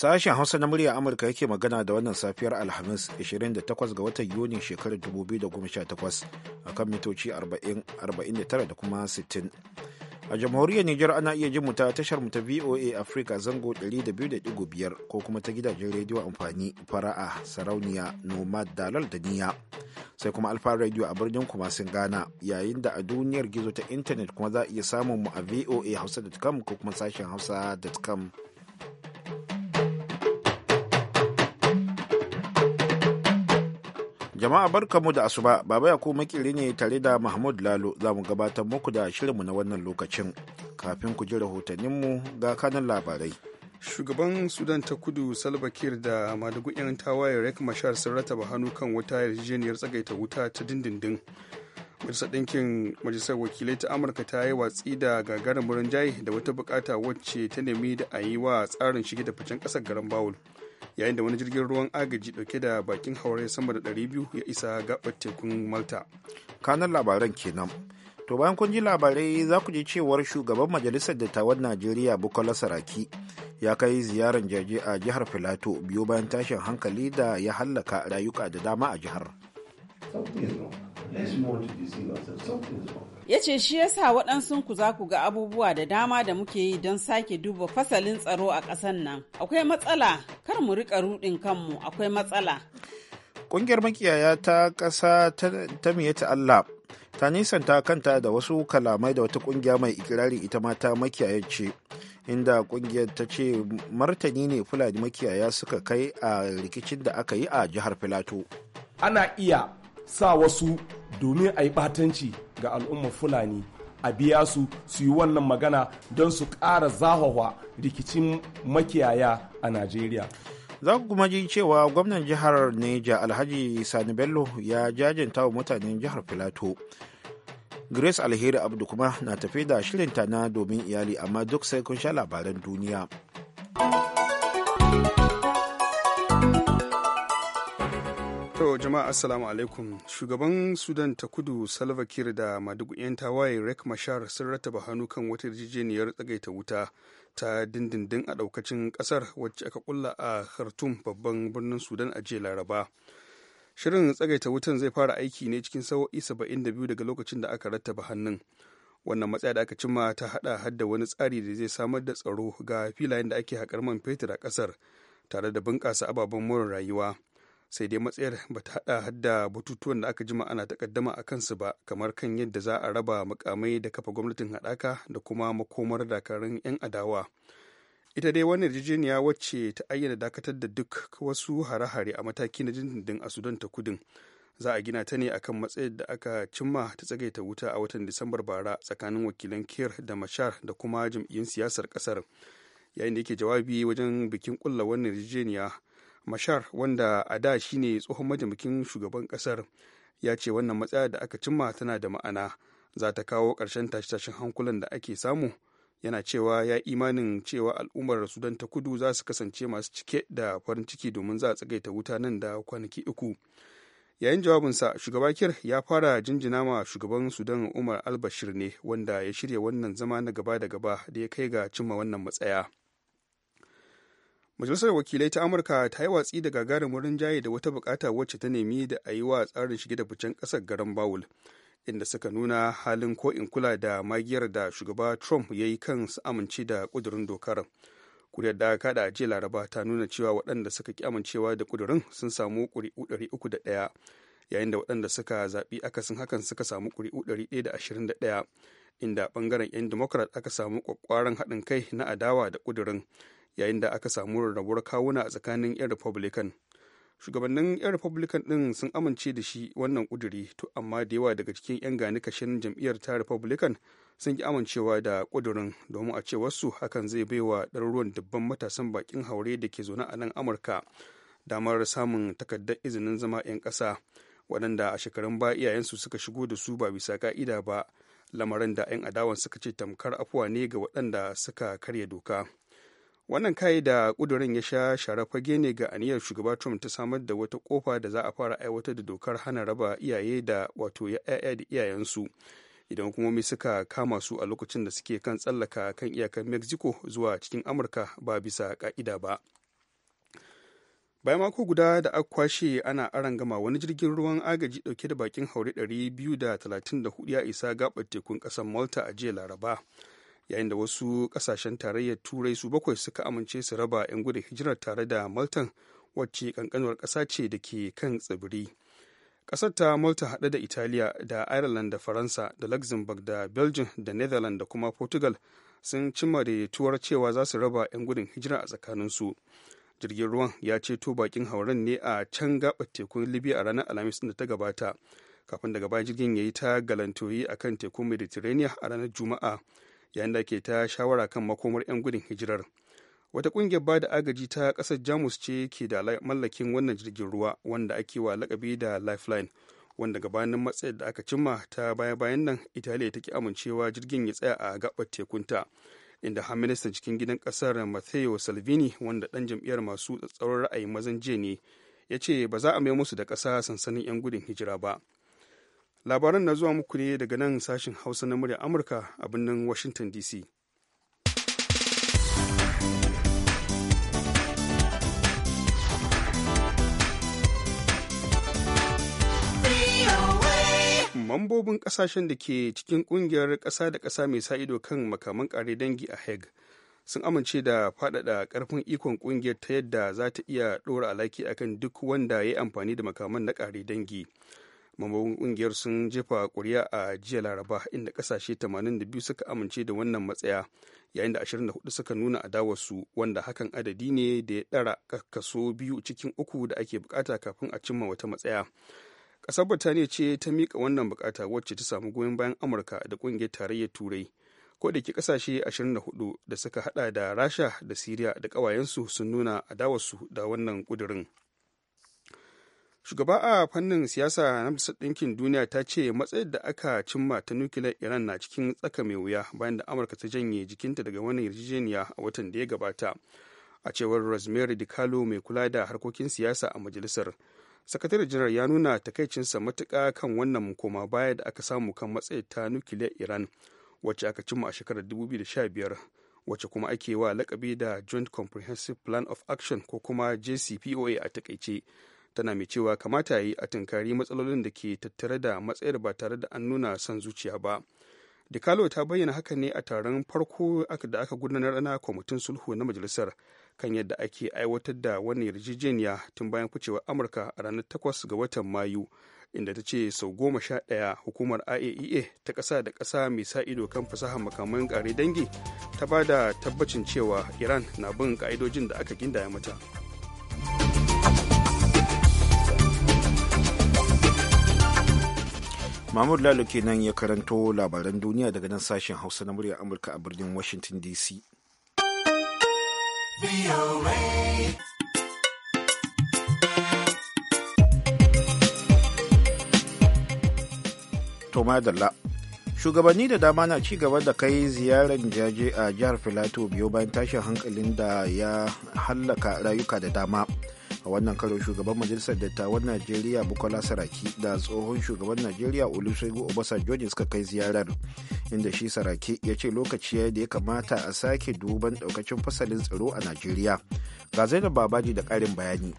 Sashen Hausa na murya Amurka yake magana da wannan safiyar Alhamis 28 ga watan Yuni shekarar 2018 kan mitoci 49 da kuma 60. A jamhuriyar Nijar ana iya jin ta tashar ta VOA Africa zango 200.5 ko kuma ta gidajen rediyo amfani fara'a sarauniya nomad dalal da niya sai kuma alfa radio a birnin kuma sun gana yayin da a duniyar gizo ta intanet kuma za a iya samun mu a voa hausa.com ko kuma sashen hausa.com Jama'a barkamu da asuba, Baba ya kuma makiri ne tare da Mahmud Lalo za mu gabatar muku da shirinmu na wannan lokacin. Kafin ku ji rahotanninmu ga kanan labarai. Shugaban Sudan ta kudu Salva da madugu 'yan tawaye Rek Mashar sun rataba hannu kan wata yarjejeniyar tsagaita wuta ta dindindin. Majalisar Ɗinkin Majalisar Wakilai ta Amurka ta yi watsi da gagarin jai da wata bukata wacce ta nemi da a yi wa tsarin shige da ficen ƙasar garin Bawul. yayin da wani jirgin ruwan agaji dauke da bakin haure sama da 200 ya isa gabar tekun malta kanan labaran kenan to bayan kun ji labarai za ku ji cewar shugaban majalisar dattawan najeriya bukola saraki ya kai ziyarar jaje a jihar filato biyo bayan tashin hankali da ya hallaka rayuka da dama a jihar ya ce shi yasa waɗansu ku za ku ga abubuwa da dama da muke yi don sake duba fasalin tsaro a ƙasar nan akwai matsala kar mu rika ruɗin kanmu akwai matsala ƙungiyar makiyaya ta ƙasa ta ta Allah ta nisanta kanta da wasu kalamai da wata ƙungiya mai ikirari ita mata ta inda ƙungiyar ta ce martani ne fulani makiyaya suka kai a rikicin da aka yi a jihar filato ana iya sa wasu domin a yi batanci ga al'umma fulani a biya su su yi wannan magana don su ƙara zahawa rikicin makiyaya a najeriya za ku kuma ji cewa gwamnan jihar neja alhaji sani bello ya jajanta wa mutanen jihar filato grace alheri abdu kuma na tafi da shirinta na domin iyali amma duk sai kun sha labaran duniya. To jama'a assalamu alaikum shugaban sudan ta kudu salva kiir da madugu 'yan tawaye rek mashar sun rattaba hannu kan wata yarjejeniyar tsagaita wuta ta dindindin a daukacin kasar wacce aka kulla a khartoum babban birnin sudan a jiya laraba shirin tsagaita wutan zai fara aiki ne cikin sawo'i 72 daga lokacin da aka rattaba hannun wannan matsaya da aka cimma ta hada hadda wani tsari da zai samar da tsaro ga filayen da ake haƙar man fetur a ƙasar tare da bunƙasa ababen morin rayuwa sai dai matsayar ba ta hada da batutuwan da aka jima ana takaddama a kansu ba kamar kan yadda za a raba mukamai da kafa gwamnatin haɗaka da kuma makomar dakarun 'yan adawa ita dai wannan yarjejeniya wacce ta ayyana dakatar da duk wasu hare-hare a mataki na jindindin a sudan ta kudin za a gina ta ne akan matsayar da aka cimma ta tsagaita wuta a watan disambar bara tsakanin wakilan kir da mashar da kuma jam'iyyun siyasar kasar yayin da yake jawabi wajen bikin kulla wannan yarjejeniya mashar wanda a da shi ne tsohon majamakin shugaban kasar ya ce wannan matsaya da aka cimma tana da ma'ana za ta kawo ƙarshen tashe-tashen hankulan da ake samu yana cewa ya imanin cewa al'ummar sudan ta kudu za su kasance masu cike da farin ciki domin za a tsagaita wuta nan da kwanaki uku yayin jawabinsa shugaba kir ya fara jinjina ma shugaban sudan umar albashir ne wanda ya shirya wannan zama na gaba da gaba da ya kai ga cimma wannan matsaya majalisar wakilai ta amurka ta yi watsi da gagarumin jaye da wata bukata wacce ta nemi da a yi wa tsarin shige da ficen kasar garan bawul inda suka nuna halin ko in kula da magiyar da shugaba trump ya yi kan su amince da kudurin dokar kuriyar da aka da ajiye laraba ta nuna cewa waɗanda suka ki amincewa da kudurin sun samu kuri'u da ɗaya yayin da waɗanda suka zaɓi akasin hakan suka samu kuri'u ɗaya inda ɓangaren 'yan democrat aka samu kwakwaran haɗin kai na adawa da kudurin yayin da aka samu rarrabuwar kawuna a tsakanin 'yan republican shugabannin 'yan republican ɗin sun amince da shi wannan ƙuduri to amma da yawa daga cikin 'yan gani kashin jam'iyyar ta republican sun ki amincewa da ƙudurin domin a ce wasu hakan zai baiwa ɗaruruwan dubban matasan bakin haure da ke zaune a nan amurka damar samun takardar izinin zama 'yan ƙasa waɗanda a shekarun ba iyayensu suka shigo da su ba bisa ka'ida ba lamarin da 'yan adawan suka ce tamkar afuwa ne ga waɗanda suka karya doka wannan kai da ƙudurin ya sha sharafage ne ga aniyar shugaba trump ta samar da wata kofa da za a fara aiwatar da dokar hana raba iyaye da wato ya'ya da iyayensu idan hukumomi suka kama su a lokacin da suke kan tsallaka kan iyakar mexico zuwa cikin amurka ba bisa ka'ida ba bayan mako guda da aka kwashe ana gama wani jirgin ruwan agaji dauke da bakin haure 234 ya isa gabar tekun kasar malta a jiya laraba yayin da wasu kasashen tarayyar turai su bakwai suka amince su raba 'yan gudun hijirar tare da malta wacce kankanuwar ƙasa ce da ke kan tsibiri ƙasar ta malta haɗe da italiya da ireland da faransa da luxembourg da belgium da netherlands da kuma portugal sun cimma da daidaituwar cewa za su raba 'yan gudun hijira a tsakaninsu jirgin ruwan ya ceto bakin hauren ne a can gabar tekun libya a ranar alhamis da ta gabata kafin daga baya jirgin ya yi ta galantoyi a kan tekun mediterranean a ranar juma'a yayin da ke ta shawara kan makomar 'yan gudun hijirar wata kungiyar bada agaji ta kasar jamus ce ke da mallakin wannan jirgin ruwa wanda ake wa lakabi da lifeline wanda gabanin matsayar da aka cimma ta baya bayan nan italiya ta ki amincewa jirgin ya tsaya a gabar tekunta inda har ministan cikin gidan kasar matteo salvini wanda dan jam'iyyar masu tsatsauran ra'ayin mazan jiya ne ya ce ba za a mai musu da kasa sansanin 'yan gudun hijira ba labaran na zuwa muku ne daga nan sashen hausa na murya amurka a birnin washington dc mambobin kasashen da ke cikin kungiyar ƙasa da ƙasa mai sa ido kan makaman ƙare dangi a hague sun amince da faɗaɗa ƙarfin ikon ƙungiyar ta yadda za ta iya ɗora alaki akan duk wanda ya yi amfani da makaman na ƙare dangi mamobin kungiyar sun jefa kuri'a a jiya laraba inda kasashe 82 suka amince da wannan matsaya yayin da 24 suka nuna adawarsu wanda hakan adadi ne da ya ɗara kaso biyu cikin uku da ake bukata kafin a cimma wata matsaya ƙasar birtaniya ce ta miƙa wannan bukata wacce ta samu goyon bayan amurka da ƙungiyar tarayyar turai ko da ke ƙasashe 24 da suka hada da rasha da siriya da ƙawayensu sun nuna adawarsu da wannan ƙudurin. shugaba a fannin siyasa na majalisar ɗinkin duniya ta ce matsayin da aka cimma ta nukiliyar iran na cikin tsaka mai wuya bayan da amurka ta janye jikinta daga wani yarjejeniya a watan da ya gabata a cewar rosemary dicalo mai kula da harkokin siyasa a majalisar sakatare janar ya nuna takaicinsa matuka kan wannan koma baya da aka samu kan matsayin ta nukiliyar iran wacce aka cimma a shekarar 2015 wacce kuma ake wa lakabi da joint comprehensive plan of action ko kuma jcpoa a takaice tana mai cewa kamata yi a tunkari matsalolin da ke tattare da matsayar ba tare da an nuna son zuciya ba dikalo ta bayyana haka ne a taron farko da aka gudanar na kwamitin sulhu na majalisar kan yadda ake aiwatar da wani yarjejeniya tun bayan kucewar amurka a ranar 8 ga watan mayu inda ta ce sau goma sha ɗaya hukumar iaea e ta kasa da ƙasa mai sa ido kan fasahar makaman kare dangi ta bada tabbacin cewa iran na bin ƙa'idojin da aka gindaya mata. mahmud lalo kenan ya karanto labaran duniya daga nan sashen hausa na muryar amurka a birnin washington dc Toma shugabanni da dama na ci gaba da kai ziyarar jaje a jihar filato biyo bayan tashin hankalin da ya hallaka rayuka da dama a wannan karo shugaban majalisar dattawan najeriya bukola saraki da tsohon shugaban najeriya olusegun obasanjo ne suka kai ziyarar inda shi saraki ya ce lokaci da ya kamata a sake duban daukacin fasalin tsaro a najeriya ga zainab babaji da karin bayani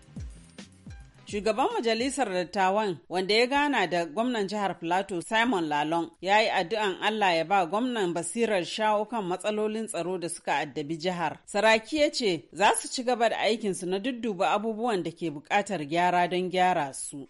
Shugaban majalisar dattawan wanda ya gana da gwamnan jihar Plateau Simon Lalong ya yi addu'an Allah ya ba gwamnan basirar shawo kan matsalolin tsaro da suka addabi jihar. Saraki ya ce za su ci gaba da aikinsu na dudduba abubuwan da ke bukatar gyara don gyara su.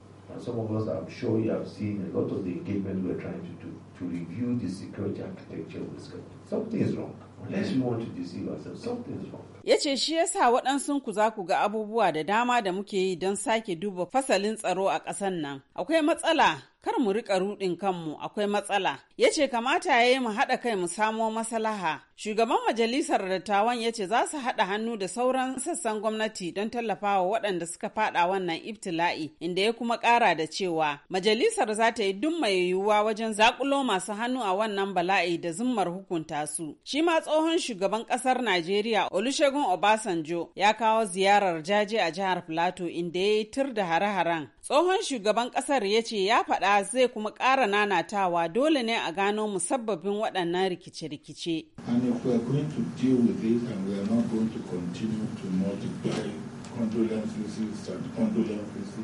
to review the security architecture of this country. Something is wrong. Unless we want to deceive ourselves, something is wrong. Ya ce shi yasa waɗansu ku za ku ga abubuwa da dama da muke yi don sake duba fasalin tsaro a ƙasan nan. Akwai matsala kar mu rika rudin kanmu akwai matsala ya ce kamata ya yi mu haɗa kai mu samo maslaha shugaban majalisar dattawan ya ce za su haɗa hannu da sauran sassan gwamnati don tallafawa waɗanda suka faɗa wannan ibtila'i inda ya kuma ƙara da cewa majalisar za ta yi duk mai yiwuwa wajen zakulo masu hannu a wannan bala'i da zummar hukunta su shi ma tsohon shugaban ƙasar najeriya olusegun obasanjo ya kawo ziyarar jaje a jihar plateau inda ya yi tur da hare-haren tsohon shugaban kasar ya ce ya faɗa zai kuma ƙara nanatawa dole ne a gano musabbabin waɗannan rikice-rikice. And if we are going to deal with it and we are not going to continue to multiply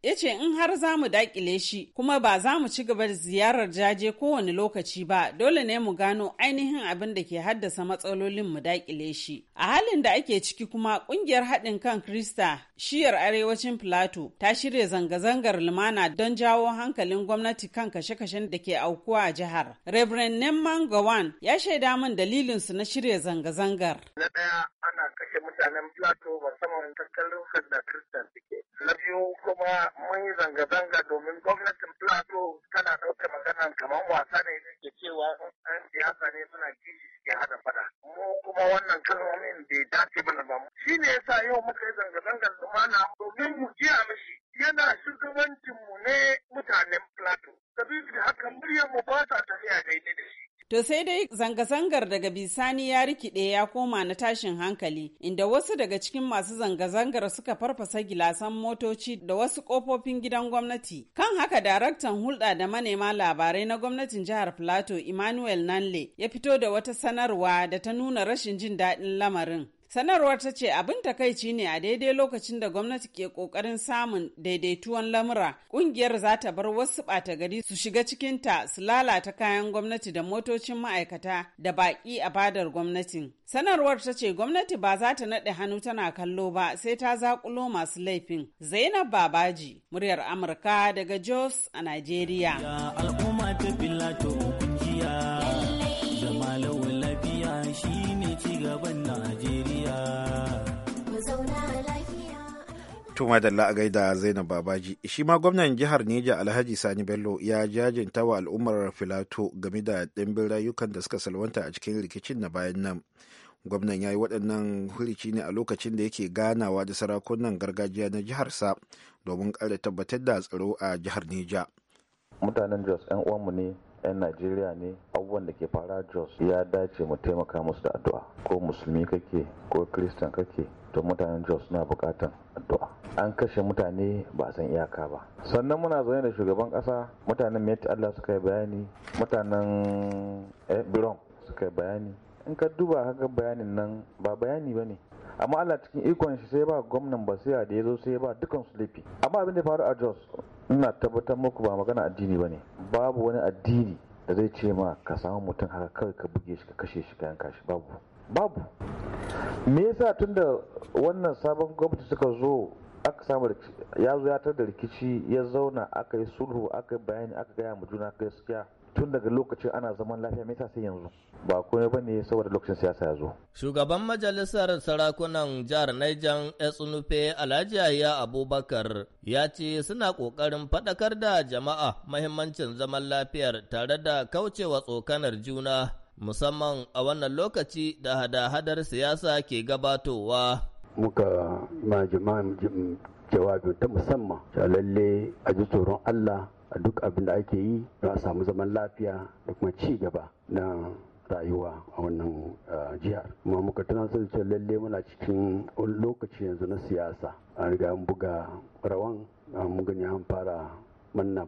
Ya ce in har za mu dakile shi kuma ba za mu ci gaba da ziyarar jaje kowane lokaci ba dole ne mu gano ainihin abin da ke haddasa matsalolin mu dakile shi. A halin da ake ciki kuma kungiyar haɗin kan Krista shiyar arewacin Plateau ta shirya zanga-zangar lumana don jawo hankalin gwamnati kan kashe-kashen da ke aukuwa a jihar. Reverend neman Gawan ya shaida min dalilinsu na shirya zanga-zangar. yake mutanen plateau musamman tattalin da kristan suke na biyu kuma mun yi zanga-zanga domin gwamnatin plateau tana ɗauke maganan kamar wasa ne da cewa an siyasa ne suna kishi suke hada fada mu kuma wannan kalmomin bai dace mana ba shi ne yasa yau muka yi zanga-zangar lumana domin mu jiya mishi yana shugabancinmu ne mutanen plateau sabida haka muryar mu ba sa tafiya daidai da shi To sai dai zanga-zangar daga bisani ya rikide ya koma na tashin hankali, inda wasu daga cikin masu zanga-zangar suka farfasa gilasan motoci da wasu kofofin gidan gwamnati. Kan haka daraktan hulɗa da manema labarai na gwamnatin jihar Plateau Emmanuel Nanle ya fito da wata sanarwa da ta nuna rashin jin daɗin lamarin. Sanarwar ta ce abin takaici ne a daidai lokacin da gwamnati ke kokarin samun daidaituwan lamura kungiyar za ta bar wasu bata gari su shiga cikinta su lalata kayan gwamnati da motocin ma'aikata da baki a fadar gwamnatin. Sanarwar ta ce gwamnati ba za ta naɗe hannu tana kallo ba sai ta zakulo masu laifin. Zainab Babaji, muryar Amurka daga Jos a Najeriya. to madalla a gaida zainab babaji shi ma gwamnan jihar neja alhaji sani bello ya jajinta wa al'ummar filato game da ɗimbin rayukan da suka salwanta a cikin rikicin na bayan nan gwamnan ya yi waɗannan hurici ne a lokacin da yake ganawa da sarakunan gargajiya na jiharsa domin ƙara tabbatar da tsaro a jihar neja mutanen jos 'yan uwanmu ne 'yan najeriya ne abubuwan da ke fara jos ya dace mu taimaka musu da addu'a ko musulmi kake ko kristan kake to mutanen jos na bukatan addu'a an kashe mutane ba a san iyaka ba sannan muna zaune da shugaban kasa mutanen mai Allah suka yi bayani mutanen eh, biron suka yi bayani in ka duba haka bayanin nan ba bayani ba ne amma Allah cikin ikon shi sai ba gwamnan basira da ya zo sai ba dukan su laifi amma abin da faru a Jos ina tabbatar muku ba magana addini ba ne babu wani addini da zai ce ma ka samu mutum haka kawai ka buge shi ka kashe shi ka yanka shi babu babu me yasa tunda wannan sabon gwamnati suka zo aka samu ya zo ya da rikici ya zauna aka yi sulhu aka yi bayani aka gaya mu juna gaskiya tun daga lokacin ana zaman lafiya mai sai yanzu ba komai bane saboda lokacin siyasa ya zo shugaban majalisar sarakunan jihar Niger Esunufe Alhaji Yahya Abubakar ya ce suna kokarin fadakar da jama'a mahimmancin zaman lafiyar tare da kaucewa tsokanar juna musamman a wannan lokaci da hada-hadar siyasa ke gabatowa muka ma jama'a jawabi ta musamman lalle a ji tsoron Allah a duk abin da ake yi don a samu zaman lafiya da kuma ci gaba na rayuwa a wannan jihar kuma muka tunatar da lalle muna cikin lokaci yanzu na siyasa an riga an buga rawan mun gani an fara manna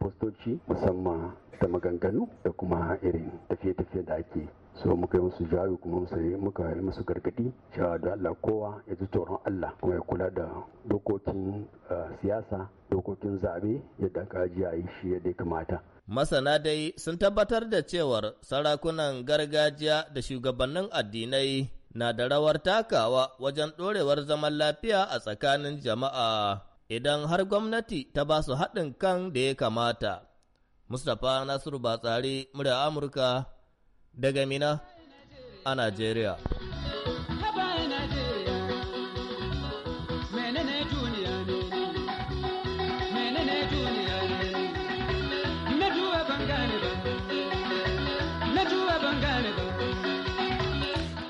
fostoci eh, musamman da maganganu da kuma irin tafiye-tafiye da ake so muka yi musu jawi kuma muka yi musu gargadi cewa da Allah kowa ya ji tsoron Allah kuma ya kula da dokokin ah, siyasa dokokin zabe yadda aka ji a shi yadda ya kamata masana dai sun tabbatar da cewar sarakunan gargajiya da shugabannin addinai na da rawar takawa wajen ɗorewar zaman lafiya a tsakanin jama'a idan har gwamnati ta ba su haɗin kan da ya kamata. Mustapha Nasiru Batsari, murya Amurka, daga Mina a Najeriya.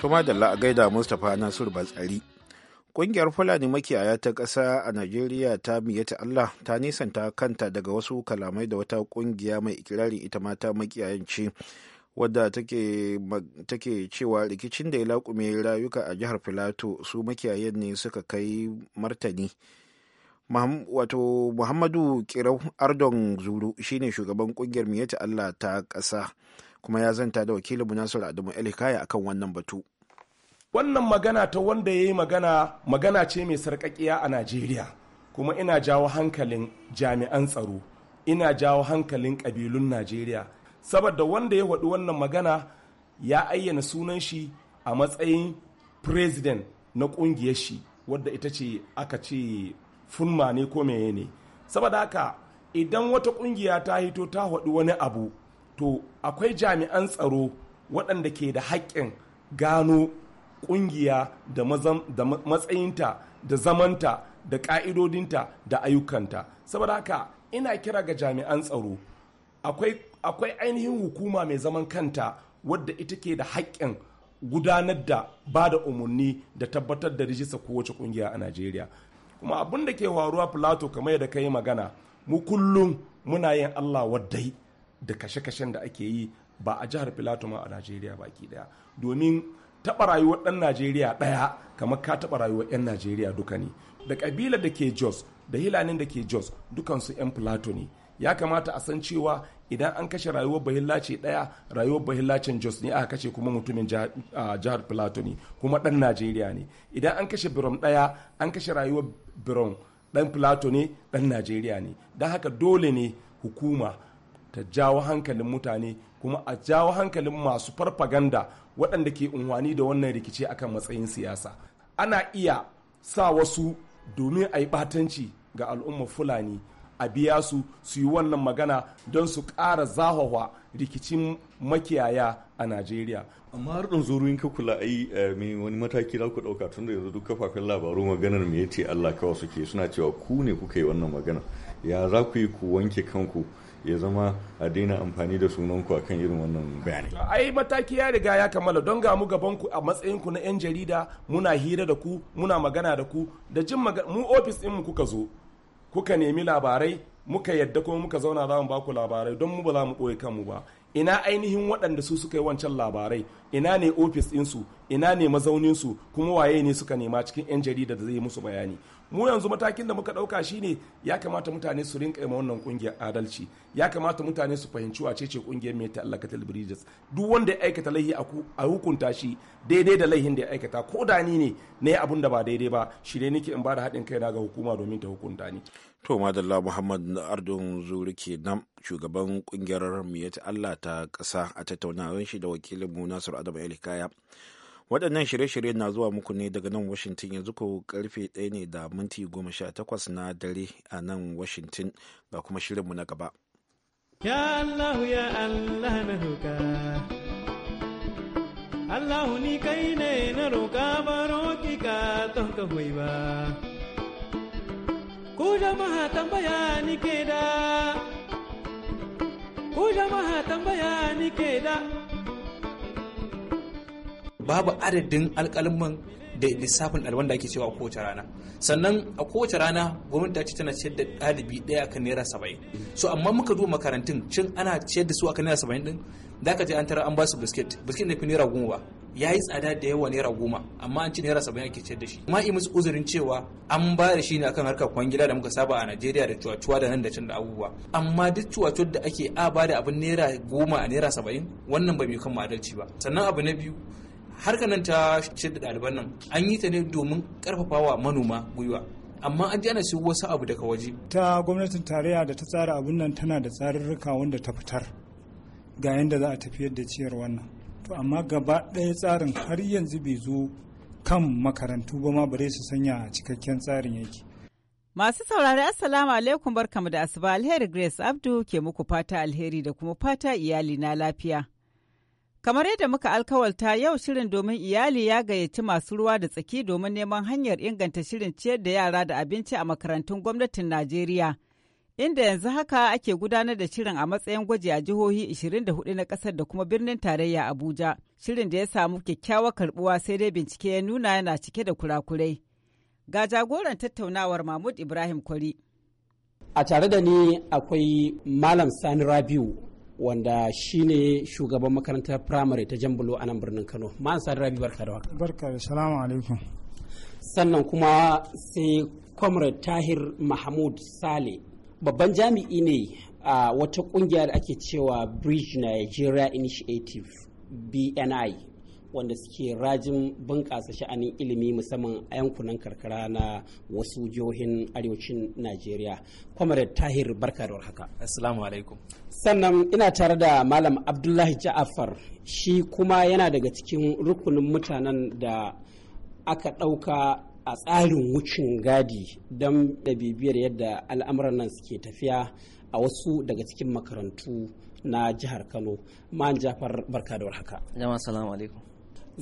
Tuma da la'agaida Mustapha Nasiru Batsari. Ƙungiyar Fulani makiyaya ta ƙasa a Najeriya ta miyata Allah ta nisanta kanta daga wasu kalamai da wata ƙungiya mai ikirarin ita mata makiyayan ce wadda take cewa rikicin da ya laƙume rayuka a jihar filato su makiyayen ne suka kai martani wato muhammadu kirau ardon zuru shine shugaban kungiyar miyata allah ta ƙasa kuma ya zanta da wakilin nasiru adamu elikaya akan wannan batu wannan magana ta wanda ya yi magana magana ce mai sarƙaƙiya a najeriya kuma ina jawo hankalin jami'an tsaro ina jawo hankalin ƙabilun najeriya saboda wanda ya faɗi wannan magana ya ayyana sunan shi a matsayin president na ƙungiyar shi wadda ita ce aka ce funma ne ko meye ne saboda haka idan wata ƙungiya ta hito ta haɗu wani abu to akwai jami'an tsaro waɗanda ke da haƙƙin gano ƙungiya da matsayinta da zamanta da ƙa'idodinta da ayyukanta saboda haka ina kira ga jami'an tsaro akwai akwai ainihin hukuma mai zaman kanta wadda ita ke da haƙƙin gudanar da ba da umarni da tabbatar da rijista kowace ƙungiya a najeriya kuma abin da ke waruwa plato kamar yadda ka yi magana mu kullum muna yin allah waddai da kashe-kashen da ake yi ba a jihar plato ma a najeriya baki daya domin taɓa rayuwar ɗan najeriya ɗaya kamar ka taɓa rayuwar 'yan najeriya duka ne da ƙabilar da ke jos da hilanin da ke jos dukansu 'yan plato ne ya kamata a san cewa idan an kashe rayuwar bahilla ce ɗaya rayuwar bahilla jos ne aka kashe kuma mutumin jihar plateau ne kuma dan najeriya ne idan an kashe biron daya an kashe rayuwar birom dan plateau ne dan najeriya ne don haka dole ne hukuma ta jawo hankalin mutane kuma a jawo hankalin masu farfaganda waɗanda ke unwani da wannan rikici akan matsayin siyasa ana iya sa wasu domin a yi ɓatanci ga al'ummar fulani a biya su su yi wannan magana don su ƙara zahawa rikicin makiyaya a najeriya amma har ɗan zuru yin ka kula ai eh, mai wani mataki za ku ɗauka tun da yanzu duk kafafen labaru maganar me yace allah kawa suke suna cewa ku ne kuka yi wannan magana ya za ku yi ku wanke kanku ya zama a daina amfani da sunanku a kan irin wannan bayani. ai mataki ya riga ya kammala don ga mu gaban ku a matsayin ku na 'yan jarida muna hira da ku muna magana da ku da jin mu ofis ɗin mu kuka zo kuka nemi labarai muka yadda kuma muka zauna za mu ba ku labarai don mu ba za mu ɓoye kanmu ba ina ainihin waɗanda su suka yi wancan labarai ina ne ofis ɗinsu ina ne mazauninsu kuma waye ne suka nema cikin 'yan jarida da zai musu bayani mu yanzu matakin da muka ɗauka shine ya kamata mutane su rinka yi wannan ƙungiyar adalci ya kamata mutane su fahimci wace ce ƙungiyar mai ta'allakatul bridges duk wanda ya aikata laihi a hukunta shi daidai da laihin da ya aikata ko da ni ne na yi abun da ba daidai ba shi shirye nake in ba da haɗin kaina ga hukuma domin ta hukunta ni To Madalla Muhammad Ardun Zuri ke nan shugaban kungiyar Miyati Allah ta kasa a tattaunawar shi da wakilinmu Nasir Adam Elikaya. Waɗannan shirye-shirye na zuwa muku ne daga nan Washington yanzu ko karfe ɗaya ne da minti goma sha takwas na dare a nan Washington ga kuma shirinmu na gaba. Ya Allah ya na roƙa. Allah ni kai ne na roƙa baro ka ka ba. ku jama'a tambaya ni ke da ku jama'a tambaya ni ke da babu adadin alƙalman da lissafin ɗaliban da ake cewa a kowace rana sannan a kowace rana gwamnati ta ce tana ciyar da ɗalibi ɗaya kan naira saba'in so amma muka duba makarantun cin ana ciyar da su kan naira saba'in ɗin da ka je an tara an ba su biskit biskit ne fi naira goma ba ya yi tsada da yawa naira goma amma an ci naira saba'in ake ciyar da shi ma musu uzurin cewa an ba da shi ne akan harkar kwangila da muka saba a najeriya da cuwacuwa da nan da can da abubuwa amma duk cuwacuwar da ake a ba da abin naira goma a naira saba'in wannan bai mai kan adalci ba sannan abu na biyu harkar nan ta ciyar da ɗaliban nan an yi ta ne domin ƙarfafa wa manoma gwiwa amma an ji ana siyo wasu abu daga waje ta gwamnatin tarayya da ta tsara abun nan tana da tsarurruka wanda ta fitar ga yadda za a tafiyar da ciyar wannan to amma gaba ɗaya tsarin har yanzu bai zo kan makarantu ba ma bare su sanya a cikakken tsarin yake Masu saurari Assalamu alaikum barkamu da asuba alheri Grace Abdu ke muku fata alheri da kuma fata iyali na lafiya. Kamar yadda muka alkawalta yau shirin domin iyali ya gayyaci masu ruwa da tsaki domin neman hanyar inganta shirin ciyar da yara da abinci a makarantun gwamnatin Najeriya inda yanzu haka ake gudanar da shirin a matsayin gwaji a jihohi 24 na kasar da kuma birnin tarayya Abuja. Shirin da ya samu kyakkyawar karbuwa sai dai bincike ya nuna yana cike da kurakurai. Ga jagoran tattaunawar Mahmud Ibrahim Kwari. A tare da ni akwai Malam Sani Rabiu wanda shine shugaban makarantar firamare ta Jambulo a nan birnin Kano. Malam Sani Rabiu barka da waka. Barka da salamu alaikum. Sannan kuma sai Comrade Tahir Mahmud Sale babban jami'i ne a wata kungiya da ake cewa bridge nigeria initiative bni wanda suke rajin bunƙasa sha'anin ilimi musamman a yankunan karkara na wasu jihohin arewacin najeriya comrade tahir barka da warhaka assalamu alaikum sannan ina tare da malam abdullahi ja'afar shi kuma yana daga cikin rukunin mutanen da aka ɗauka a tsarin wucin gadi don da bibiyar yadda al'amuran nan suke tafiya a wasu daga cikin makarantu na jihar kano ma'an jafar barka da warhaka jama'a salamu alaikum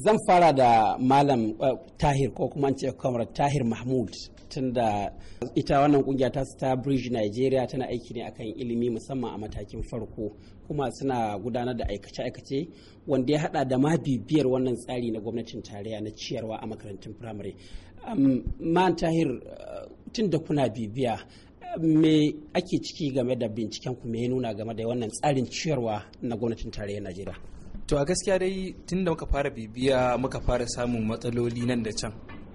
zan fara da malam eh, tahir ko kuma ce kamar tahir mahmud da ita wannan kungiya ta Star Bridge Nigeria tana aiki ne akan ilimi musamman a matakin farko kuma suna gudanar da aikace-aikace wanda ya hada da ma bibiyar wannan tsari na gwamnatin tarayya na ciyarwa a makarantun firamare. man tahir uh, tun da kuna bibiya me ake ciki game da binciken ku me ya nuna game da wannan tsarin ciyarwa na gwamnatin tarayyar najeriya to a gaskiya dai tun da muka fara bibiya muka fara samun matsaloli nan da can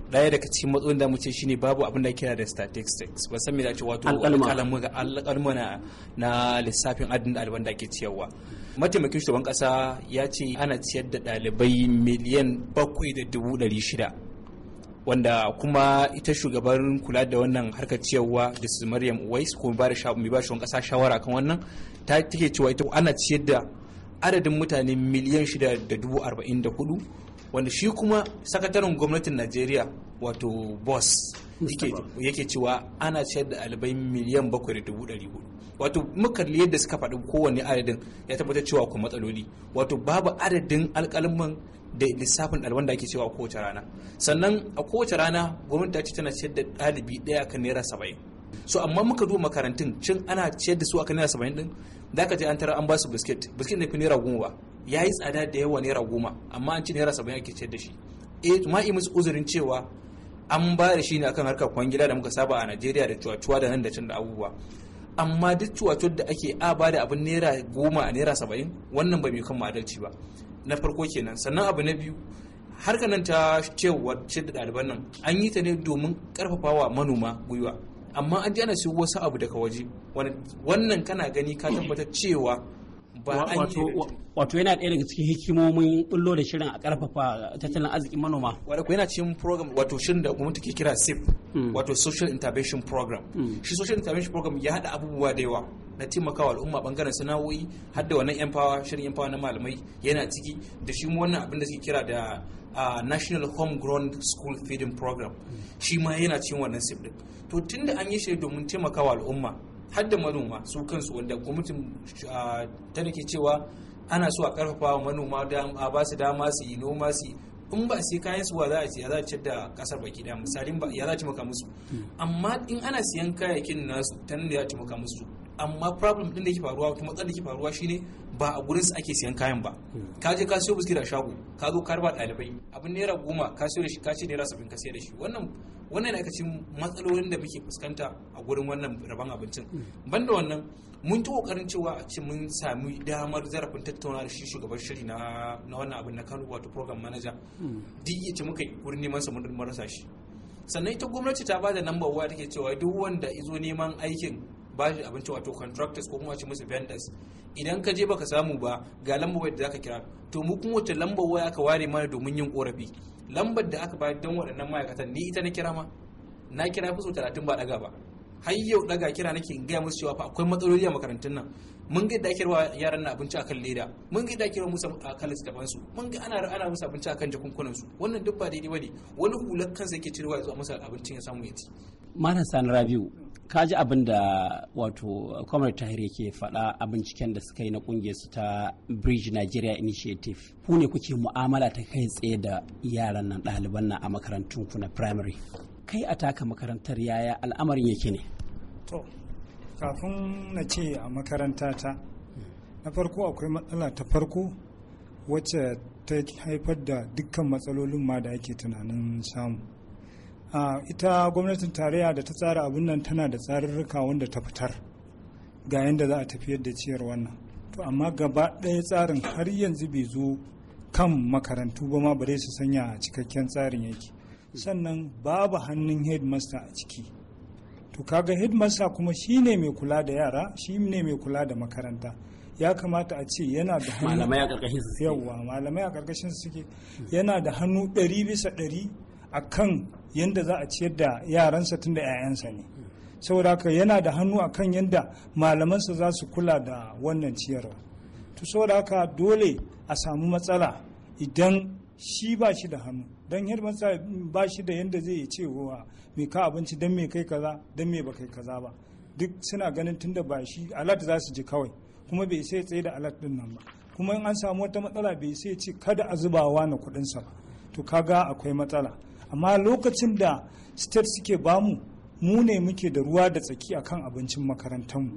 daya daga cikin matsalolin da muke shine babu abin da kira da statistics ba san me da ce wato alƙalmu ga alƙalmu na na lissafin adadin ɗaliban da ake ciyarwa mataimakin shugaban ƙasa ya ce ana ciyar da ɗalibai miliyan bakwai da dubu ɗari shida wanda kuma ita shugaban kula da wannan harkar ciyarwa da su maryam uwais ko ba da shugaban ƙasa shawara kan wannan ta take cewa ita ana ciyar da adadin mutane miliyan shida da dubu arba'in da hudu wanda shi kuma sakataren gwamnatin najeriya wato boss yake cewa ana ciyar da ɗalibai miliyan bakwai da dubu ɗari hudu wato mukalli yadda suka faɗi kowane adadin ya tabbatar cewa akwai matsaloli wato babu adadin alƙalman da lissafin ɗaliban da ake cewa a kowace rana sannan a kowace rana gwamnati ta ce tana ciyar da ɗalibi ɗaya kan naira saba'in so amma muka duba makarantun cin ana ciyar da su aka naira saba'in din da ka je an tara an ba su biskit biskit ne fi naira goma ba ya yi tsada da yawa naira goma amma an ci naira saba'in ake ciyar da shi eh ma yi uzurin cewa an ba da shi ne akan harkar kwangila da muka saba a najeriya da cuwacuwa da nan da can da abubuwa amma duk cuwacuwar da ake a ba da abin naira goma a naira saba'in wannan bai mai kan adalci ba na farko kenan sannan abu na biyu harkar nan ta cewa ciyar da ɗaliban nan an yi ta ne domin ƙarfafawa manoma gwiwa amma an ji ana siyo wasu abu daga waje wannan kana gani ka tabbatar cewa ba an wato yana ɗaya daga cikin hikimomin ɓullo da shirin a karfafa tattalin arzikin manoma wato yana cikin program wato shirin da gwamnati ke kira sip hmm. wato social intervention program hmm. shi social intervention program ya haɗa abubuwa da yawa na taimakawa al'umma bangaren sana'o'i har da wannan yan fawa shirin yan fawa na malamai yana ciki da shi wannan abin da suke kira da a national homegrown school feeding program shi ma yana cikin wannan sif din to da an yi shi domin taimakawa al'umma har da manoma su kansu wanda gwamnatin ta nake cewa ana so a karfafa wa manoma a ba su dama su yi noma su in ba sai kayan su wa za a ci za a ci da kasar baki da misalin ba ya za a taimaka musu hmm. amma in ana siyan kayayyakin nasu ta da ya taimaka musu amma problem din da yake faruwa kuma matsalar da yake faruwa shine ba a gurin su ake siyan kayan ba hmm. ka je ka siyo biskit a shago ka zo ka raba ɗalibai abin naira goma ka siyo da shi ka ce naira sabin ka siya da shi wannan wannan aka cikin matsalolin da muke fuskanta a gurin wannan raban abincin hmm. banda wannan mun ci kokarin cewa a ce mun sami damar zarafin tattauna da shi shugaban shiri na wannan abin na Kano wato program manager hmm. duk ce muka gurin neman sa mun rasa shi sannan ita gwamnati ta ba da namba waya take cewa duk wanda izo neman aikin ba da abinci wato contractors ko kuma ce musu vendors idan ka je baka samu ba ga lambar waya da zaka kira to mu kuma wace lambar waya ka ware mana domin yin korafi lambar da aka bayar don waɗannan ma'aikatan ni ita na kira ma na kira fi so talatin ba daga ba har yau daga kira nake in gaya musu cewa fa akwai matsaloli a makarantun nan mun ga da kirwa yaran na abinci akan leda mun ga da kirwa musu akan littafan su mun ga ana ana musu abinci akan jakunkunan su wannan duk ba daidai bane wani hular kansa yake cirewa ya zo musu abincin ya samu ya ci Mana sani rabiu ka ji abin da wato kwamar tahir yake faɗa a binciken da suka yi na kungiyar su ta bridge nigeria initiative ku ne kuke mu'amala ta kai tsaye da yaran nan ɗaliban nan a makarantun ku na primary kai a taka makarantar yaya al'amarin yake ne to kafin na ce a makaranta ta na farko akwai matsala ta farko wacce ta haifar da dukkan matsalolin ma da ake tunanin samu ita gwamnatin tarayya da ta tsara abin nan tana da tsarurruka wanda ta fitar ga yadda za a tafiyar da ciyar wannan to amma gaba ɗaya tsarin har yanzu bai zo kan makarantu ba ma bare su sanya a cikakken tsarin yake sannan babu hannun headmaster a ciki to kaga headmaster kuma shi ne mai kula da yara shi ne mai kula da makaranta ya kamata a ce yana da hannu malamai a karkashin su yawwa malamai a karkashin su suke yana da hannu ɗari bisa ɗari akan yadda za a ciyar da yaransa tun da 'ya'yansa ne saboda haka yana da hannu akan yadda malamansa za su kula da wannan ciyarwa to saboda haka dole a samu matsala idan shi ba shi da hannu don yadda matsala ba shi da yadda zai ce wa mai ka abinci don mai kai kaza don mai ba kai kaza ba duk suna ganin tun da ba shi alat za su ji kawai kuma bai sai tsaye da alat din nan ba kuma in an samu wata matsala bai sai ce kada a zubawa na kuɗinsa ba to kaga akwai matsala amma lokacin da state suke bamu mu ne muke da ruwa da tsaki akan abincin makarantarmu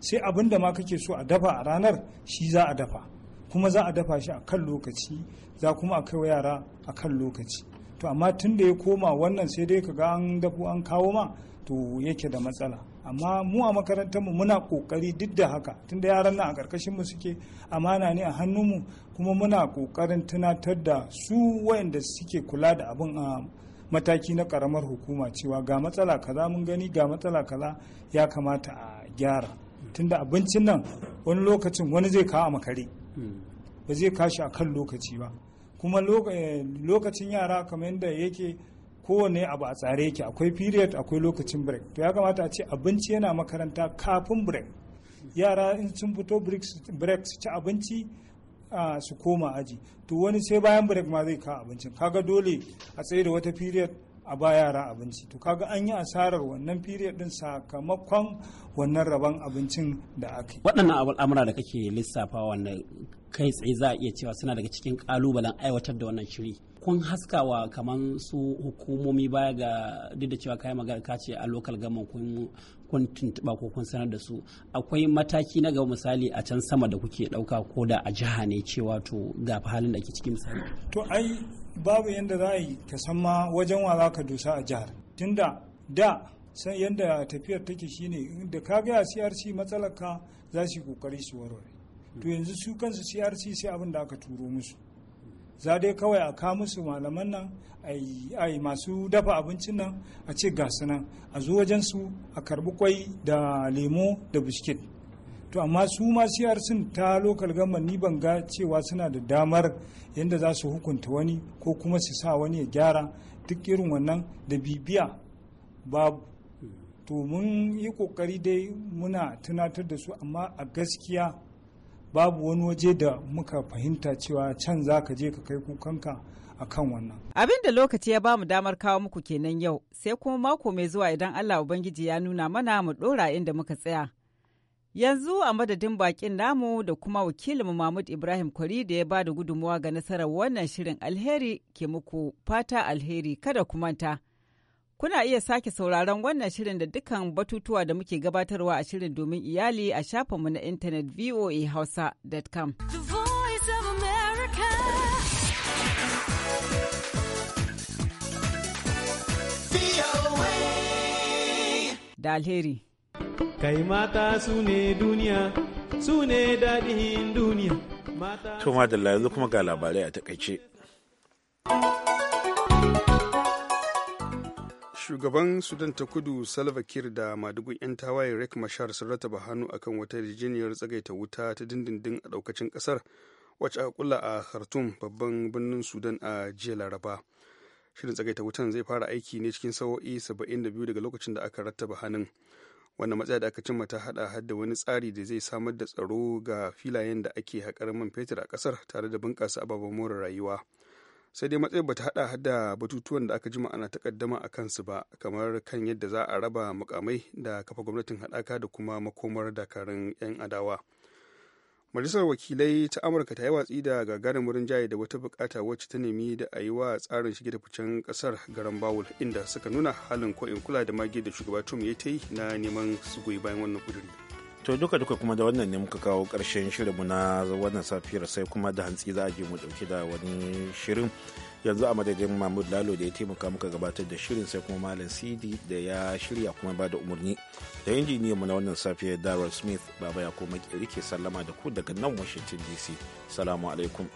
sai abin da ma kake so a dafa a ranar shi za a dafa kuma za a dafa shi a kan lokaci za kuma a kaiwa yara a kan lokaci to amma tun da ya koma wannan sai dai ka ga an dafu an kawo ma to yake da matsala amma mu a makarantar mu muna kokari duk da haka tunda yaran nan a karkashin mu suke amana ne a hannun mu kuma muna kokarin tunatar da su wayanda suke kula da abun a mataki na karamar hukuma cewa ga matsala kaza mun gani ga matsala kaza ya kamata a gyara tunda abincin nan wani lokacin wani zai kawo a makare hmm. ba zai kashi a kan lokaci ba kuma eh, lokacin yara kamar yadda yake kowane abu a tsare yake akwai period akwai lokacin break to ya kamata a ce abinci yana makaranta kafin break yara in sun fito break su ci abinci su koma aji to wani sai bayan break ma zai kawo abincin kaga dole a tsaye da wata period a ba yara abinci to kaga an yi asarar wannan period din sakamakon wannan rabon abincin da aka yi waɗannan al'amura da kake lissafa wannan kai tsaye za a iya cewa suna daga cikin ƙalubalen aiwatar da wannan shiri kun haskawa kamar su hukumomi baya ga duk da cewa kayan magana ka a lokal gama kun tuntuɓa ko kun sanar da su akwai mataki na gaba misali a can sama da kuke ɗauka ko da a jiha ne cewa to ga halin da ke cikin misali to ai babu yadda za a yi ka san ma wajen wa za ka dosa a jihar tunda da san yadda tafiyar take shine da ka gaya CRC matsalar ka za su yi kokari su warware to yanzu su kansu CRC sai abin da aka turo musu za dai kawai a ka musu malaman nan a yi masu dafa abincin nan a ce gasu nan a zo wajen su a karbi kwai da lemo da biskit to amma su ma siyar sun ta lokal gama ni ban ga cewa suna da damar yadda za su hukunta wani ko kuma su sa wani ya gyara duk irin wannan da bibiya babu to mun yi kokari dai muna tunatar da su amma a gaskiya babu wani waje da muka fahimta cewa can za ka je ka kai kukanka a kan wannan. Abin da lokaci ya bamu damar kawo muku kenan yau sai kuma mako mai zuwa idan Allah Ubangiji ya nuna mana mu ɗora inda muka tsaya. Yanzu a madadin bakin namu da kuma wakilinmu Mahmud Ibrahim Kwari da ya bada gudunmuwa ga nasarar wannan shirin alheri ke muku fata alheri kada ku manta. Kuna iya sake sauraron wannan shirin da dukkan batutuwa da muke gabatarwa a shirin domin iyali a shafinmu na intanet voahausa.com. Da alheri. Kai mata su ne duniya, su ne daɗin duniya. Tuma da yanzu kuma ga labarai a takaice. shugaban sudan ta kudu salva kiir da madugun 'yan tawaye rek mashar sun rataba hannu akan wata yarjejeniyar tsagaita wuta ta dindindin a daukacin kasar wacce aka kulla a khartoum babban birnin sudan a jiya laraba shirin tsagaita wutan zai fara aiki ne cikin sawo'i 72 daga lokacin da aka rattaba hannun wannan matsaya da aka cimma ta hada har da wani tsari da zai samar da tsaro ga filayen da ake haƙar man fetur a ƙasar tare da bunƙasa ababen more rayuwa sai dai matsayin bata hada da batutuwan da aka jima ana takaddama a kansu ba kamar kan yadda za a raba mukamai da kafa gwamnatin hadaka da kuma makomar dakarun 'yan adawa majalisar wakilai ta amurka ta yi watsi da gagarumin jaye da wata bukata wacce ta nemi da a yi wa tsarin shige da ficen kasar garan bawul inda suka nuna halin ko kula da mage da shugaba trump ya ta yi na neman su goyi bayan wannan kuduri to duka duka kuma da wannan ne muka kawo ƙarshen shirinmu na wannan safiyar sai kuma da hantsi za a je mu ɗauki da wani shirin yanzu a madadin mahmud lalo da ya taimaka muka gabatar da shirin sai kuma malam sidi da ya shirya kuma ba da umarni da injiniyan mu na wannan safiyar darrell smith baba ya kuma ke sallama da ku daga nan washington dc salamu alaikum